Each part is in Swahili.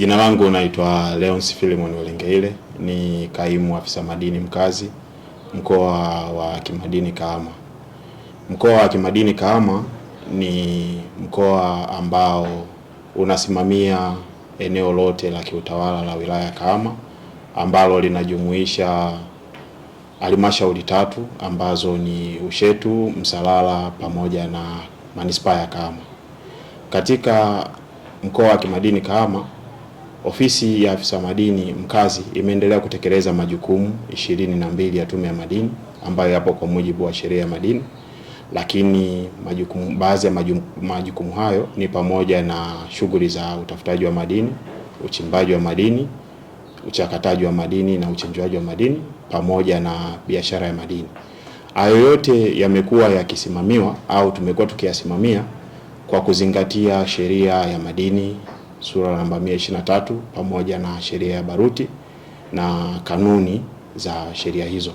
Jina langu naitwa Leon Philemon Olengeile, ni kaimu afisa madini mkazi mkoa wa kimadini Kahama. Mkoa wa kimadini Kahama ni mkoa ambao unasimamia eneo lote la kiutawala la wilaya Kahama ambalo linajumuisha halmashauri tatu ambazo ni Ushetu, Msalala pamoja na manispaa ya Kahama. Katika mkoa wa kimadini Kahama Ofisi ya afisa madini mkazi imeendelea kutekeleza majukumu ishirini na mbili ya Tume ya Madini ambayo yapo kwa mujibu wa sheria ya madini, lakini majukumu baadhi ya majukumu hayo ni pamoja na shughuli za utafutaji wa madini, uchimbaji wa madini, uchakataji wa madini na uchenjuaji wa madini pamoja na biashara ya madini. Hayo yote yamekuwa yakisimamiwa au tumekuwa tukiyasimamia kwa kuzingatia sheria ya madini sura namba 123 pamoja na sheria ya baruti na kanuni za sheria hizo.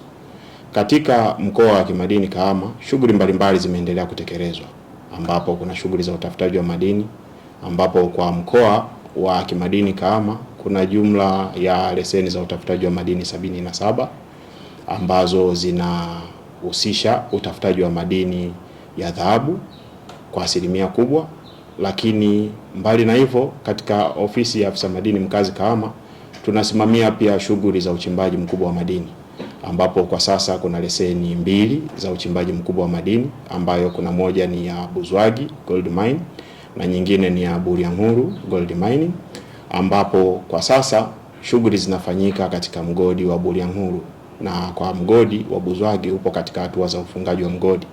Katika mkoa wa kimadini Kahama, shughuli mbalimbali zimeendelea kutekelezwa ambapo kuna shughuli za utafutaji wa madini ambapo kwa mkoa wa kimadini Kahama kuna jumla ya leseni za utafutaji wa madini sabini na saba ambazo zinahusisha utafutaji wa madini ya dhahabu kwa asilimia kubwa lakini mbali na hivyo, katika ofisi ya afisa madini mkazi Kahama tunasimamia pia shughuli za uchimbaji mkubwa wa madini ambapo kwa sasa kuna leseni mbili za uchimbaji mkubwa wa madini ambayo kuna moja ni ya Buzwagi Gold Mine na nyingine ni ya Bulyanhulu Gold Mine, ambapo kwa sasa shughuli zinafanyika katika mgodi wa Bulyanhulu na kwa mgodi wa Buzwagi upo katika hatua za ufungaji wa mgodi.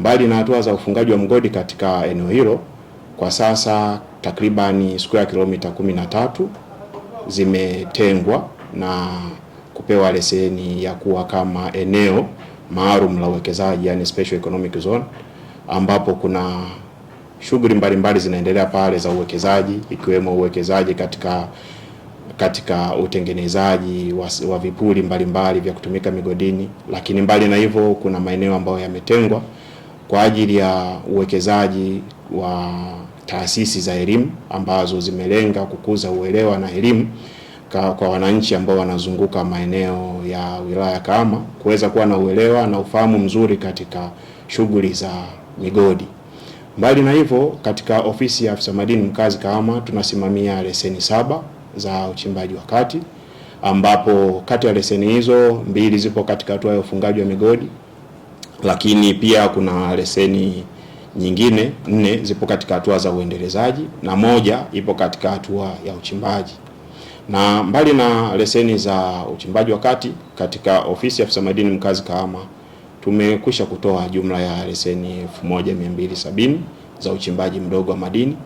Mbali na hatua za ufungaji wa mgodi katika eneo hilo, kwa sasa takribani square kilomita 13 zimetengwa na kupewa leseni ya kuwa kama eneo maalum la uwekezaji, yani special economic zone, ambapo kuna shughuli mbalimbali zinaendelea pale za uwekezaji ikiwemo uwekezaji katika katika utengenezaji wa, wa vipuri mbalimbali vya kutumika migodini, lakini mbali na hivyo kuna maeneo ambayo yametengwa kwa ajili ya uwekezaji wa taasisi za elimu ambazo zimelenga kukuza uelewa na elimu kwa wananchi ambao wanazunguka maeneo ya wilaya Kahama kuweza kuwa na uelewa na ufahamu mzuri katika shughuli za migodi. Mbali na hivyo, katika ofisi ya afisa madini mkazi Kahama tunasimamia leseni saba za uchimbaji wa kati, ambapo kati ya leseni hizo mbili zipo katika hatua ya ufungaji wa migodi, lakini pia kuna leseni nyingine nne zipo katika hatua za uendelezaji na moja ipo katika hatua ya uchimbaji. Na mbali na leseni za uchimbaji wa kati katika ofisi ya afisa madini mkazi Kahama tumekwisha kutoa jumla ya leseni 1270 za uchimbaji mdogo wa madini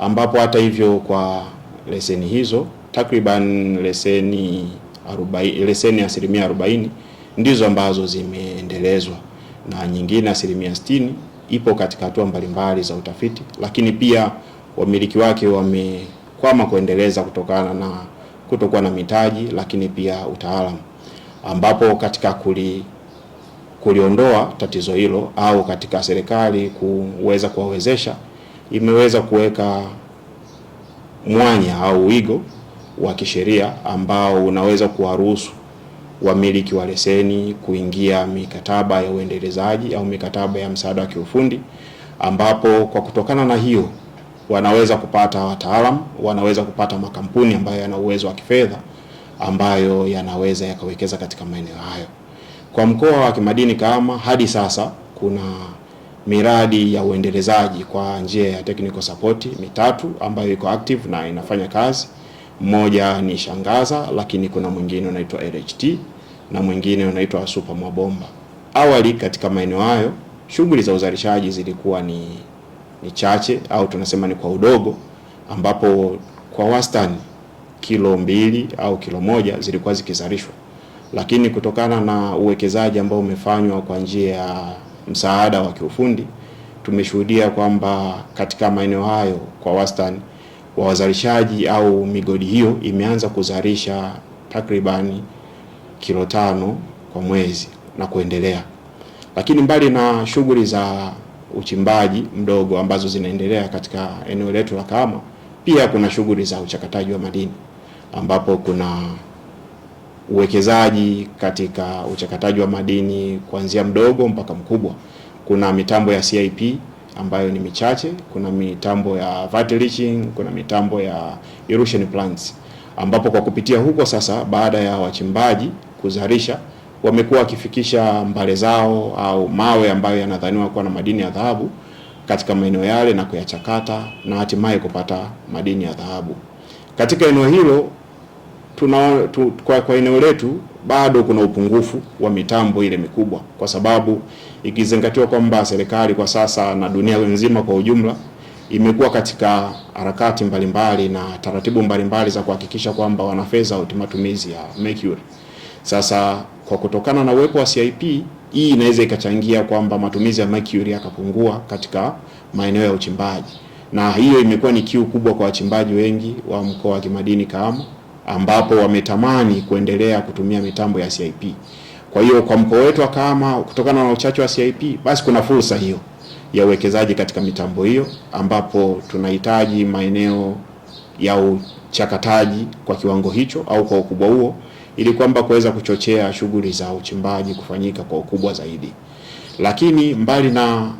ambapo hata hivyo kwa leseni hizo takriban leseni 40, leseni asilimia 40 ndizo ambazo zimeendelezwa na nyingine asilimia 60 ipo katika hatua mbalimbali za utafiti, lakini pia wamiliki wake wamekwama kuendeleza kutokana na kutokuwa na mitaji, lakini pia utaalamu, ambapo katika kuli kuliondoa tatizo hilo au katika serikali kuweza kuwawezesha imeweza kuweka mwanya au wigo wa kisheria ambao unaweza kuwaruhusu wamiliki wa leseni kuingia mikataba ya uendelezaji au mikataba ya msaada wa kiufundi, ambapo kwa kutokana na hiyo wanaweza kupata wataalamu, wanaweza kupata makampuni ambayo yana uwezo wa kifedha ambayo yanaweza yakawekeza katika maeneo hayo. Kwa mkoa wa Kimadini kama hadi sasa kuna miradi ya uendelezaji kwa njia ya technical support mitatu ambayo iko active na inafanya kazi moja ni Shangaza, lakini kuna mwingine unaitwa LHT na mwingine unaitwa Super Mwabomba. Awali katika maeneo hayo shughuli za uzalishaji zilikuwa ni, ni chache au tunasema ni kwa udogo, ambapo kwa wastani kilo mbili au kilo moja zilikuwa zikizalishwa, lakini kutokana na uwekezaji ambao umefanywa kwa njia ya msaada wa kiufundi tumeshuhudia kwamba katika maeneo hayo kwa wastani wa wazalishaji au migodi hiyo imeanza kuzalisha takribani kilo tano kwa mwezi na kuendelea. Lakini mbali na shughuli za uchimbaji mdogo ambazo zinaendelea katika eneo letu la Kahama, pia kuna shughuli za uchakataji wa madini ambapo kuna uwekezaji katika uchakataji wa madini kuanzia mdogo mpaka mkubwa. Kuna mitambo ya CIP ambayo ni michache. Kuna mitambo ya leaching, kuna mitambo ya erosion plants, ambapo kwa kupitia huko sasa, baada ya wachimbaji kuzalisha, wamekuwa wakifikisha mbale zao au mawe ambayo yanadhaniwa kuwa na madini ya dhahabu katika maeneo yale na kuyachakata na hatimaye kupata madini ya dhahabu katika eneo hilo tuna, tu, kwa, kwa eneo letu bado kuna upungufu wa mitambo ile mikubwa, kwa sababu ikizingatiwa kwamba serikali kwa sasa na dunia nzima kwa ujumla imekuwa katika harakati mbalimbali na taratibu mbalimbali za kuhakikisha kwamba wana phase out matumizi ya mercury. Sasa kwa kutokana na uwepo wa CIP hii inaweza ikachangia kwamba matumizi ya mercury yakapungua katika maeneo ya uchimbaji, na hiyo imekuwa ni kiu kubwa kwa wachimbaji wengi wa mkoa wa kimadini Kahama ambapo wametamani kuendelea kutumia mitambo ya CIP. Kwa hiyo kwa mkoa wetu wa Kahama, kutokana na uchache wa CIP, basi kuna fursa hiyo ya uwekezaji katika mitambo hiyo, ambapo tunahitaji maeneo ya uchakataji kwa kiwango hicho au kwa ukubwa huo, ili kwamba kuweza kuchochea shughuli za uchimbaji kufanyika kwa ukubwa zaidi. Lakini mbali na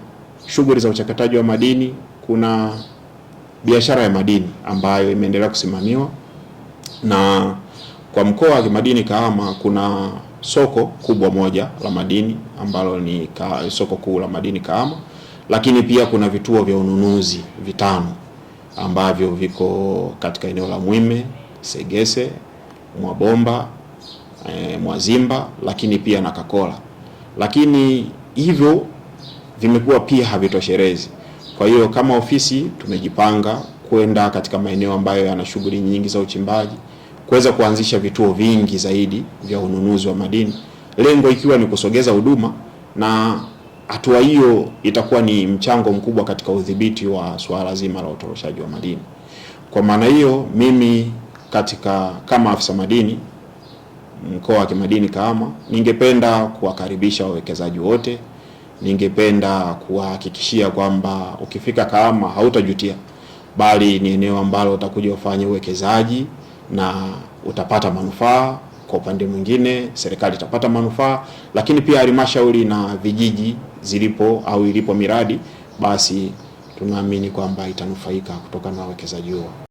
shughuli za uchakataji wa madini, kuna biashara ya madini ambayo imeendelea kusimamiwa na kwa mkoa wa madini Kahama kuna soko kubwa moja la madini ambalo ni ka, soko kuu la madini Kahama, lakini pia kuna vituo vya ununuzi vitano ambavyo viko katika eneo la Mwime, Segese, Mwabomba, e, Mwazimba lakini pia na Kakola, lakini hivyo vimekuwa pia havitosherezi Kwa hiyo kama ofisi tumejipanga kwenda katika maeneo ambayo yana shughuli nyingi za uchimbaji, kuweza kuanzisha vituo vingi zaidi vya ununuzi wa madini, lengo ikiwa ni kusogeza huduma, na hatua hiyo itakuwa ni mchango mkubwa katika udhibiti wa suala zima la utoroshaji wa madini. Kwa maana hiyo, mimi katika kama afisa madini mkoa wa kimadini Kahama, ningependa kuwakaribisha wawekezaji wote, ningependa kuwahakikishia kwamba ukifika Kahama hautajutia bali ni eneo ambalo utakuja ufanye uwekezaji na utapata manufaa. Kwa upande mwingine, serikali itapata manufaa, lakini pia halmashauri na vijiji zilipo au ilipo miradi, basi tunaamini kwamba itanufaika kutokana na uwekezaji huo.